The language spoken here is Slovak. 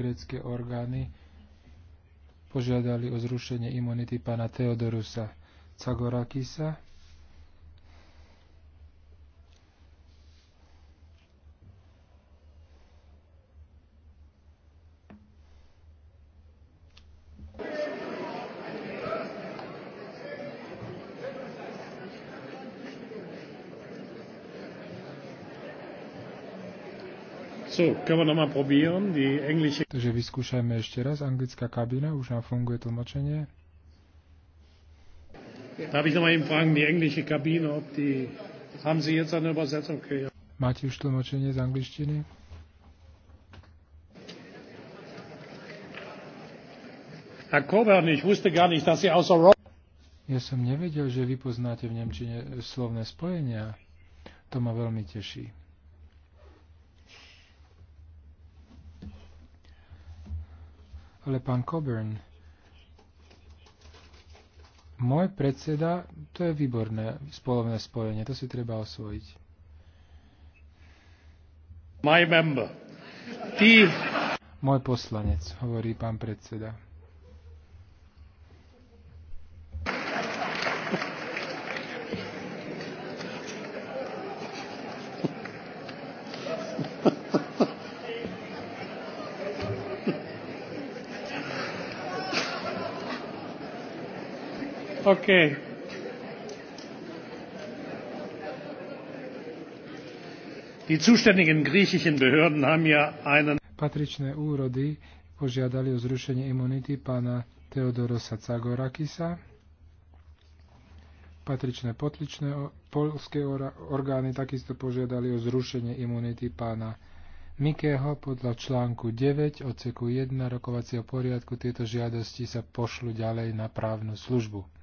grécké orgány požiadali o zrušenie imunity pána Teodorusa Cagorakisa, So, können wir nochmal probieren, die englische... Takže vyskúšajme ešte raz, anglická kabína, už nám funguje tlmočenie. Darf ich nochmal eben fragen, die englische Kabine, ob die... Haben Sie jetzt eine Übersetzung? Okay, ja. Máte už tlmočenie z angličtiny? Herr Coburn, ich wusste gar nicht, dass Sie Ja som nevedel, že vy poznáte v Nemčine slovné spojenia. To ma veľmi teší. Ale pán Coburn, môj predseda, to je výborné spolovné spojenie, to si treba osvojiť. My member. Ty... Môj poslanec, hovorí pán predseda. OK. Die zuständigen griechischen Behörden haben ja einen Patričné úrody požiadali o zrušenie imunity pána Teodorosa Cagorakisa. Patričné potličné polské orgány takisto požiadali o zrušenie imunity pána Mikého podľa článku 9 odseku 1 rokovacieho poriadku tieto žiadosti sa pošlu ďalej na právnu službu.